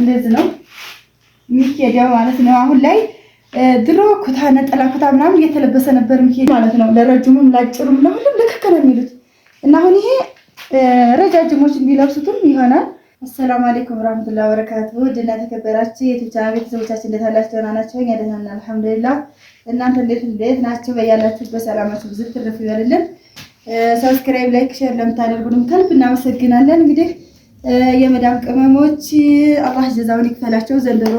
እንደዚህ ነው የሚሄደው ማለት ነው። አሁን ላይ ድሮ ኩታ፣ ነጠላ ኩታ ምናምን እየተለበሰ ነበር የሚሄድ ማለት ነው። ለረጅሙም ላጭሩም ለሁሉም ልክክ ነው የሚሉት እና አሁን ይሄ ረጃጅሞች የሚለብሱትም ይሆናል። አሰላሙ አሌይኩም ረህመቱላሂ ወበረካቱ። ድና ተከበራችሁ የኢትዮጵያ ቤተሰቦቻችን እንዴት አላችሁ? ደህና ናቸው። እኛ ደህና ነን አልሐምዱሊላህ። እናንተ እንዴት እንዴት ናችሁ? በያላችሁ በሰላማችሁ ብዙ ትርፍ ይበልልን። ሰብስክራይብ፣ ላይክ፣ ሼር ለምታደርጉንም ከልብ እናመሰግናለን። እንግዲህ የመዳም ቅመሞች አላህ ጀዛውን ይክፈላቸው። ዘንድሮ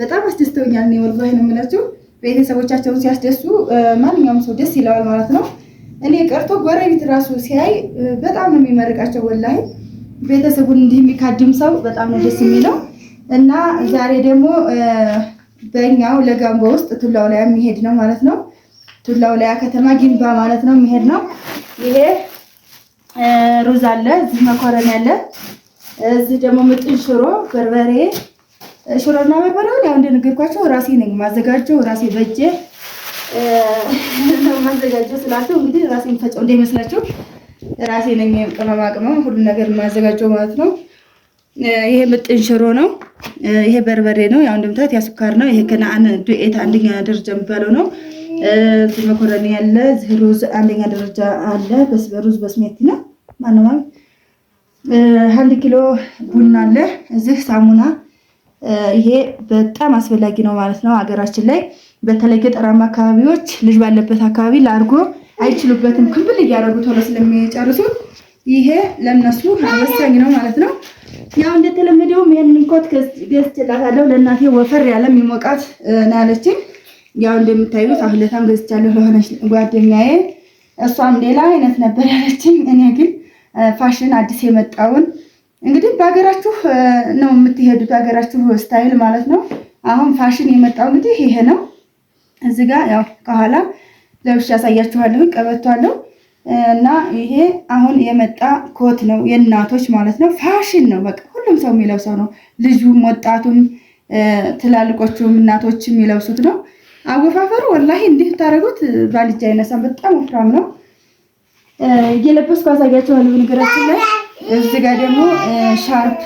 በጣም አስደስተውኛል። እኔ ወላሂ ነው ቤተሰቦቻቸውን ሲያስደሱ ማንኛውም ሰው ደስ ይለዋል ማለት ነው። እኔ ቀርቶ ጎረቤት ራሱ ሲያይ በጣም ነው የሚመርቃቸው። ወላሂ ቤተሰቡን እንዲህ የሚካድም ሰው በጣም ነው ደስ የሚለው እና ዛሬ ደግሞ በእኛው ለጋንቦ ውስጥ ቱላው ላይ የሚሄድ ነው ማለት ነው። ቱላው ላይ ከተማ ጊንባ ማለት ነው የሚሄድ ነው። ይሄ ሩዝ አለ፣ እዚህ መኮረን ያለ እዚህ ደግሞ ምጥን ሽሮ በርበሬ፣ ሽሮና በርበሬውን ያው እንደነገርኳቸው ራሴ ነኝ ማዘጋጀው ራሴ በእጄ ማዘጋጀው ስላቸው እንግዲህ ራሴ ፈጨው እንዳይመስላቸው ራሴ ነኝ ቅመማ ቅመም ሁሉ ነገር ማዘጋጀው ማለት ነው። ይሄ ምጥን ሽሮ ነው። ይሄ በርበሬ ነው። ያው እንደምታዩት ያስኳር ነው። ይሄ ከነአን ዱኤት አንደኛ ደረጃ የሚባለው ነው። መኮረኒ ያለ፣ ሩዝ አንደኛ ደረጃ አለ። በስ በሩዝ በስሜት ነው ማነው አንድ ኪሎ ቡና አለ እዚህ ሳሙና። ይሄ በጣም አስፈላጊ ነው ማለት ነው። ሀገራችን ላይ በተለይ ገጠራማ አካባቢዎች ልጅ ባለበት አካባቢ ላርጎ አይችሉበትም። ክብል እያደረጉ ቶሎ ስለሚጨርሱት ይሄ ለእነሱ ወሳኝ ነው ማለት ነው። ያው እንደተለመደውም ይህንን ኮት ገዝቼላታለሁ ለእናቴ ወፈር ያለ የሚሞቃት ናለችኝ። ያው እንደምታዩት አሁን ለታም ገዝቻለሁ ለሆነች ጓደኛዬ። እሷም ሌላ አይነት ነበር ያለችኝ እኔ ግን ፋሽን አዲስ የመጣውን እንግዲህ በሀገራችሁ ነው የምትሄዱት፣ ሀገራችሁ ስታይል ማለት ነው። አሁን ፋሽን የመጣው እንግዲህ ይሄ ነው። እዚ ጋ ያው ከኋላ ለብሽ ያሳያችኋለሁ፣ ቀበቷለሁ እና ይሄ አሁን የመጣ ኮት ነው የእናቶች ማለት ነው። ፋሽን ነው በቃ ሁሉም ሰው የሚለብሰው ነው። ልጁም፣ ወጣቱም፣ ትላልቆቹም እናቶች የሚለብሱት ነው። አወፋፈሩ ወላሂ እንዲህ ታደረጉት ባልጃ አይነሳም። በጣም ወፍራም ነው። እየለበስኩ አሳያቸዋለሁ። ነገራችን ላይ እዚህ ጋር ደግሞ ሻርፕ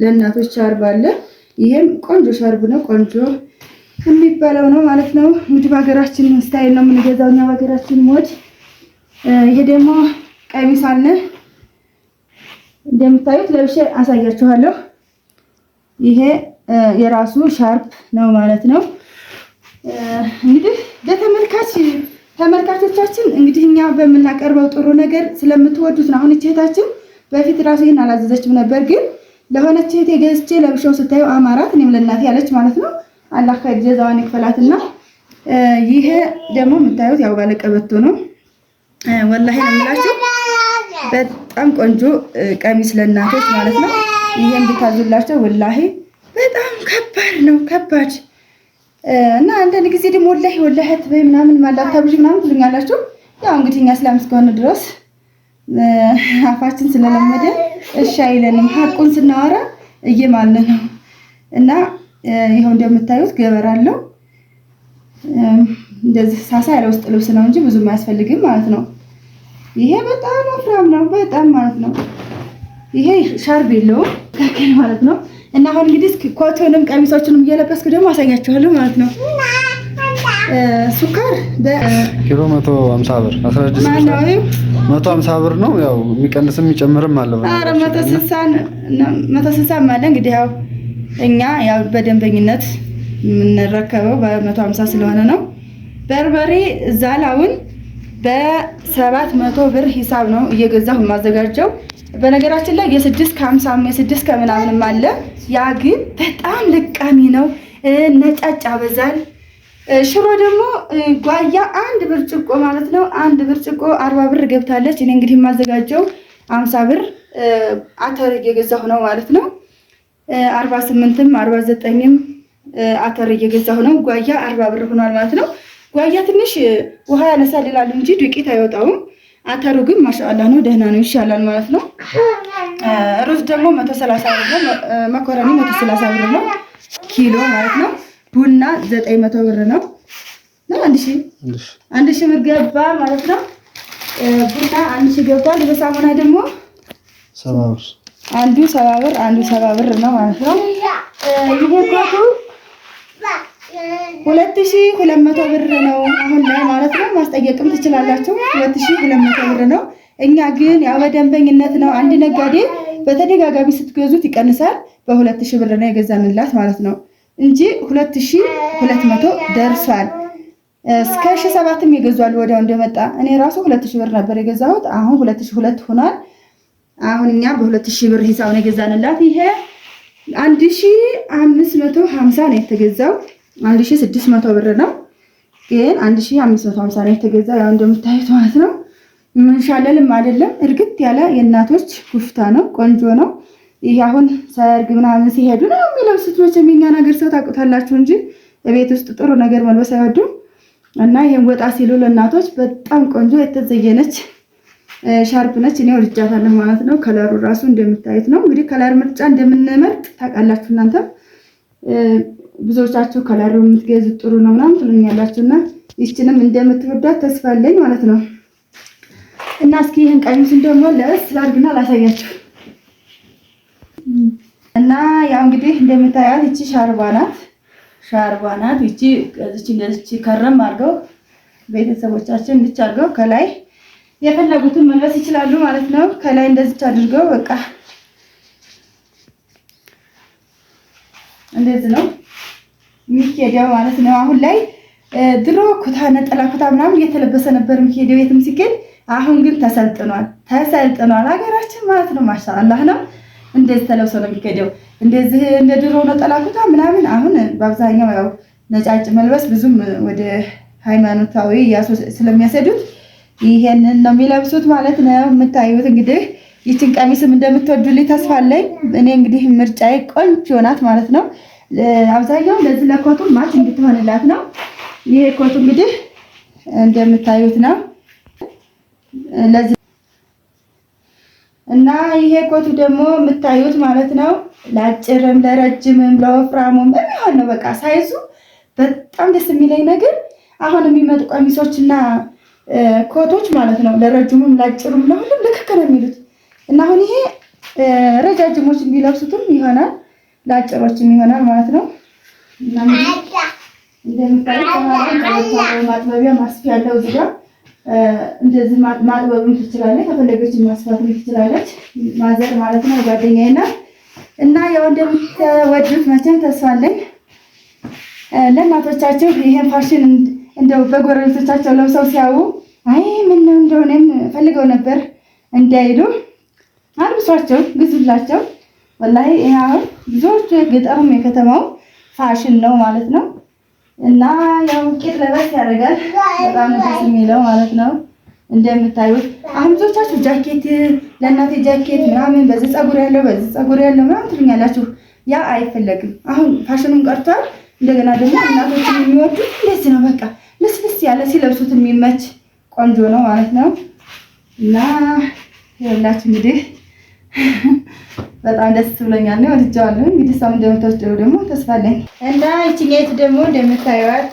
ለእናቶች ሻርፕ አለ። ይሄም ቆንጆ ሻርፕ ነው፣ ቆንጆ የሚባለው ነው ማለት ነው። እንግዲህ በሀገራችን ስታይል ነው የምንገዛው እኛ በሀገራችን ሞድ። ይሄ ደግሞ ቀሚስ አለ እንደምታዩት ለብሼ አሳያችኋለሁ። ይሄ የራሱ ሻርፕ ነው ማለት ነው። እንግዲህ ለተመልካች ተመልካቾቻችን እንግዲህ እኛ በምናቀርበው ጥሩ ነገር ስለምትወዱት ነው። አሁን እህታችን በፊት ራሱ ይህን አላዘዘችም ነበር፣ ግን ለሆነች እህቴ የገዝቼ ለብሼው ስታዩ አማራት፣ እኔም ለእናቴ ያለች ማለት ነው። አላህ ከጀዛዋን ጀዛዋን ይክፈላትና ይሄ ደግሞ የምታዩት ያው ባለቀበቶ ነው። ወላሂ ነው የምላችሁ በጣም ቆንጆ ቀሚስ ለእናቶች ማለት ነው። ይሄን ብታዙላቸው ወላሂ በጣም ከባድ ነው ከባድ እና አንዳንድ ጊዜ ደግሞ ወላሂ ወላሂ ትበይ ምናምን ማላ ታብዥ ምናምን ትሉኛላችሁ። ያው እንግዲህ እኛ እስላም እስከሆነ ድረስ አፋችን ስለለመደ እሺ አይለንም። ሀቁን ስናወራ እየማለ ነው እና ይኸው እንደምታዩት ገበር አለው እንደዚህ ሳሳ ያለ ውስጥ ልብስ ነው እንጂ ብዙ አያስፈልግም ማለት ነው። ይሄ በጣም ወፍራም ነው፣ በጣም ማለት ነው። ይሄ ሻርብ የለውም ማለት ነው። እና አሁን እንግዲህ ኮቶንም ቀሚሶችንም እየለበስኩ ደግሞ አሳያችኋለሁ ማለት ነው። ሱካር ኪሎ መቶ ሀምሳ ብር አስራ ብር ነው። ያው የሚቀንስም የሚጨምርም አለው። ኧረ 160 አለ እንግዲህ ያው እኛ ያው በደንበኝነት የምንረከበው በ150 ስለሆነ ነው። በርበሬ ዛላውን በሰባት መቶ ብር ሂሳብ ነው እየገዛሁ የማዘጋጀው። በነገራችን ላይ የስድስት ከሀምሳም የስድስት ከምናምንም አለ። ያ ግን በጣም ልቃሚ ነው፣ ነጫጭ ያበዛል። ሽሮ ደግሞ ጓያ አንድ ብርጭቆ ማለት ነው። አንድ ብርጭቆ አርባ ብር ገብታለች። እኔ እንግዲህ የማዘጋጀው አምሳ ብር አተር እየገዛሁ ነው ማለት ነው። አርባ ስምንትም አርባ ዘጠኝም አተር እየገዛሁ ነው። ጓያ አርባ ብር ሆኗል ማለት ነው። ጓያ ትንሽ ውሃ ያነሳል ይላሉ እንጂ ዱቄት አይወጣውም። አተሩ ግን ማሻአላ ነው፣ ደህና ነው፣ ይሻላል ማለት ነው። ሩዝ ደግሞ 130 ብር ነው። መኮረኒ 130 ብር ነው ኪሎ ማለት ነው። ቡና 900 ብር ነው። አንድ ሺህ አንድ ሺህ ብር ገባ ማለት ነው። ቡና አንድ ሺህ ገብቷል። በሳሙና ደግሞ ሰባ ብር አንዱ ሰባ ብር አንዱ ሰባ ብር ነው ማለት ነው። ይሄ ሁለት ሺ ሁለት መቶ ብር ነው አሁን ላይ ማለት ነው። ማስጠየቅም ትችላላችሁ። ሁለት ሺ ሁለት መቶ ብር ነው። እኛ ግን ያው በደንበኝነት ነው። አንድ ነጋዴ በተደጋጋሚ ስትገዙት ይቀንሳል። በሁለት ሺ ብር ነው የገዛንላት ማለት ነው እንጂ ሁለት ሺ ሁለት መቶ ደርሷል። እስከ ሺ ሰባትም የገዟል ወዲያው እንደመጣ። እኔ ራሱ ሁለት ሺ ብር ነበር የገዛሁት። አሁን ሁለት ሺ ሁለት ሆኗል። አሁን እኛ በሁለት ሺ ብር ሂሳብ ነው የገዛንላት። ይሄ አንድ ሺ አምስት መቶ ሀምሳ ነው የተገዛው አንድ ሺህ ስድስት መቶ ብር ነው ግን አንድ ሺ አምስት መቶ ሀምሳ ነው የተገዛ። ያው እንደምታዩት ማለት ነው። ምንሻለልም አይደለም እርግጥ ያለ የእናቶች ጉፍታ ነው። ቆንጆ ነው። ይህ አሁን ሰርግ ምናምን ሲሄዱ ነው የሚለብሱት። መቼም የእኛን ሀገር ሰው ታውቁታላችሁ እንጂ ቤት ውስጥ ጥሩ ነገር መልበስ አይወዱም እና ይህን ወጣ ሲሉ ለእናቶች በጣም ቆንጆ የተዘየነች ሻርፕ ነች። እኔ ወድጃታለሁ ማለት ነው። ከለሩ ራሱ እንደምታዩት ነው። እንግዲህ ከለር ምርጫ እንደምንመርጥ ታውቃላችሁ እናንተ ብዙዎቻችሁ ከለሩ የምትገዙት ጥሩ ነው ምናምን ትሉኛላችሁ እና ይችንም እንደምትወዷት ተስፋ አለኝ ማለት ነው። እና እስኪ ይህን ቀሚሱን ደግሞ ለስ ላርግና ላሳያችሁ እና ያው እንግዲህ እንደምታያት ይቺ ሻርባ ናት። ሻርባ ናት። ይቺ እዚች እንደዚች ከረም አድርገው ቤተሰቦቻችን እንድች አድርገው ከላይ የፈለጉትን መልበስ ይችላሉ ማለት ነው። ከላይ እንደዚች አድርገው በቃ እንደዚህ ነው የሚኬደው ማለት ነው። አሁን ላይ ድሮ ኩታ፣ ነጠላ ኩታ ምናምን እየተለበሰ ነበር የሚሄደው የትም ሲኬድ። አሁን ግን ተሰልጥኗል፣ ተሰልጥኗል ሀገራችን ማለት ነው። ማሻአላህ ነው። እንደዚህ ተለብሶ ነው የሚኬደው። እንደዚህ እንደ ድሮ ነጠላ ኩታ ምናምን አሁን በአብዛኛው ያው ነጫጭ መልበስ ብዙም ወደ ሃይማኖታዊ ስለሚያሰዱት ይሄንን ነው የሚለብሱት ማለት ነው። የምታዩት እንግዲህ ይችን ቀሚስም እንደምትወዱልኝ ተስፋ አለኝ። እኔ እንግዲህ ምርጫዬ ቆንጆ ናት ማለት ነው። አብዛኛው ለዚህ ለኮቱ ማች እንድትሆንላት ነው። ይሄ ኮቱ እንግዲህ እንደምታዩት ነው እና ይሄ ኮቱ ደግሞ የምታዩት ማለት ነው። ለአጭርም ለረጅምም ለወፍራሙም የሚሆን ነው። በቃ ሳይዙ በጣም ደስ የሚለኝ ነገር አሁን የሚመጡ ቀሚሶች እና ኮቶች ማለት ነው ለረጅሙም ለአጭሩም ለሁሉም ልክክ ነው የሚሉት እና አሁን ይሄ ረጃጅሞች የሚለብሱትም ይሆናል ለአጭሮችም ይሆናል ማለት ነው። እንደምታዩት ማጥበቢያ ማስፊያ ያለው እዚህ ጋር እንደዚህ ማጥበብም ትችላለች፣ ከፈለገች ማስፋትም ትችላለች። ማዘር ማለት ነው ጓደኛዬ ናት እና ያው እንደምትወዱት መቼም ተስፋ አለኝ። ለእናቶቻቸው ይሄን ፋሽን እንደው በጎረቤቶቻቸው ለብሰው ሲያዩ አይ ምን እንደሆነ ፈልገው ነበር እንዳይሉ አልብሷቸው፣ ግዙላቸው። ወላሂ ይሄ አሁን ብዙዎቹ የገጠሩም የከተማው ፋሽን ነው ማለት ነው። እና ያው ቄጥ ለበስ ያደርጋል በጣም ደስ የሚለው ማለት ነው። እንደምታዩት አሁን ብዙዎቻችሁ ጃኬት ለእናቴ ጃኬት ምናምን በዚህ ፀጉር ያለው በዚህ ፀጉር ያለው ምናምን ትሉኛላችሁ። ያ አይፈለግም። አሁን ፋሽኑም ቀርቷል። እንደገና ደግሞ እናቶች የሚወዱ እንደዚህ ነው። በቃ ልስልስ ያለ ሲለብሱት የሚመች ቆንጆ ነው ማለት ነው እና ይኸውላችሁ እንግዲህ በጣም ደስ ብሎኛል ነው ወድጀዋለሁ። እንግዲህ እሷም እንደምትወስደው ደግሞ ተስፋ አለኝ እና ይችኛይቱ ደግሞ እንደምታዩዋት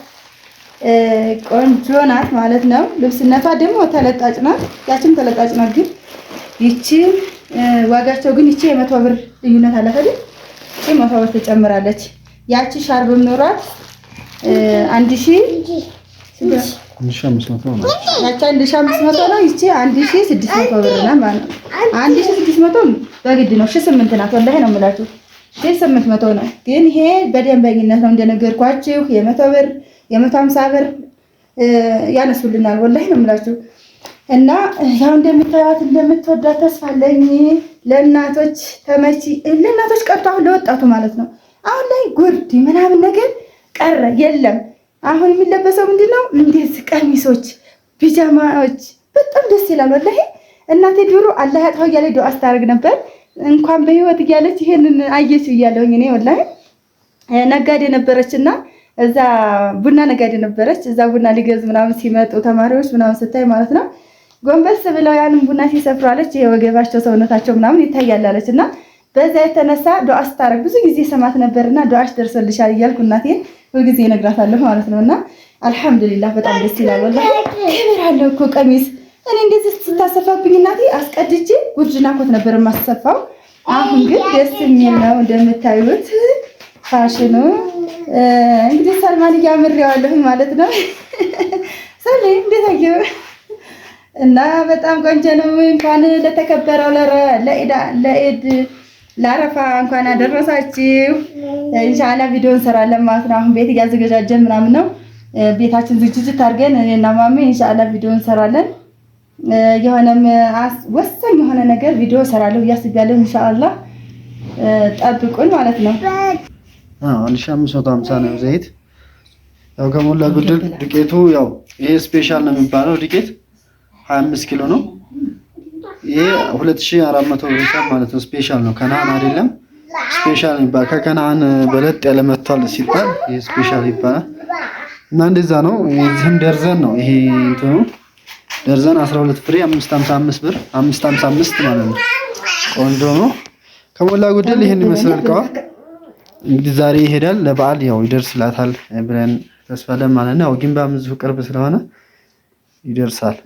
ቆንጆ ናት ማለት ነው። ልብስነቷ ደግሞ ተለጣጭ ናት፣ ያችም ተለጣጭ ናት። ግን ይቺ ዋጋቸው ግን ይቺ የመቶ ብር ልዩነት አላት አይደል? ይቺ መቶ ብር ትጨምራለች። ያቺ ሻርብ ኖሯት አንድ ሺህ አንድ ሺህ አምስት ነው። ያቺ አንድ ሺህ አምስት መቶ ነው። ይቺ መቶ ብር ነው ማለት ነው። አንድ ሺህ ስድስት በግድ ነው። ሺህ ስምንት ናት። ወላሂ ነው የምላችሁ ሺህ ስምንት መቶ ነው። ግን ይሄ በደንበኝነት ነው እንደነገርኳችሁ። የመቶ ብር የመቶ ሀምሳ ብር ያነሱልናል። ወላሂ ነው የምላችሁ እና ያው እንደምታዩት እንደምትወዳት ተስፋ አለኝ። ለእናቶች ተመቺ ለእናቶች ቀርቶ አሁን ለወጣቱ ማለት ነው አሁን ላይ ጉርድ ምናምን ነገር ቀረ የለም አሁን የሚለበሰው ምንድን ነው? እንዴት ቀሚሶች፣ ቢጃማዎች በጣም ደስ ይላል። ወላሂ እናቴ ድሮ አላህ ያጥፋው እያለ ዱአ ስታደርግ ነበር። እንኳን በህይወት እያለች ይሄንን አየች እያለሁኝ እኔ ወላሂ ነጋዴ ነበረች እና እዛ ቡና ነጋዴ ነበረች። እዛ ቡና ሊገዝ ምናምን ሲመጡ ተማሪዎች ምናምን ስታይ ማለት ነው ጎንበስ ብለው ያንን ቡና ሲሰፍሩ አለች ይሄ ወገባቸው ሰውነታቸው ምናምን ይታያል አለች እና በዛ የተነሳ ዱአ ስታደርግ ብዙ ጊዜ ሰማት ነበርና ዱአሽ ደርሰልሻል እያልኩ እናቴ ሁልጊዜ እነግራታለሁ ማለት ነው። እና አልሐምዱሊላህ በጣም ደስ ይላል። ወላ ክብር አለው እኮ ቀሚስ። እኔ እንደዚህ ስታሰፋብኝ እናቴ አስቀድጄ ጉርድና ኮት ነበር የማሰፋው። አሁን ግን ደስ የሚል ነው እንደምታዩት ፋሽኑ። እንግዲህ ሰልማን እያምሬዋለሁ ማለት ነው። ሰሌ እንዴት አየሁ እና በጣም ቆንጆ ነው። እንኳን ለተከበረው ለኢድ ለአረፋ እንኳን አደረሳችሁ። ኢንሻአላ ቪዲዮ እንሰራለን ማለት ነው። አሁን ቤት እያዘገጃጀን ምናምን ነው። ቤታችን ዝግጅት አድርገን እኔና ማሜ ኢንሻአላ ቪዲዮ እንሰራለን። የሆነም ወሳኝ የሆነ ነገር ቪዲዮ እሰራለሁ እያስብያለሁ። ኢንሻአላ ጠብቁን ማለት ነው። አዎ 1550 ነው ዘይት። ያው ከሞላ ጎደል ዱቄቱ ያው ይሄ ስፔሻል ነው የሚባለው ዱቄት 25 ኪሎ ነው ይሄ 2400 ብር ማለት ነው። ስፔሻል ነው፣ ከነአን አይደለም። ስፔሻል ይባላል። ከከነአን በለጥ ያለ መጥቷል ሲባል ይሄ ስፔሻል ይባላል። እና እንደዛ ነው። እዚህም ደርዘን ነው ይሄ እንትኑ ደርዘን 12 ፍሬ 555 ብር 555 ማለት ነው። ቆንጆ ነው። ከሞላ ጎደል ይሄን ይመስላል። ቀዋ እንግዲህ ዛሬ ይሄዳል። ለበዓል ያው ይደርስላታል ብለን ተስፋ ለማለት ነው። ግንባም እዚሁ ቅርብ ስለሆነ ይደርሳል።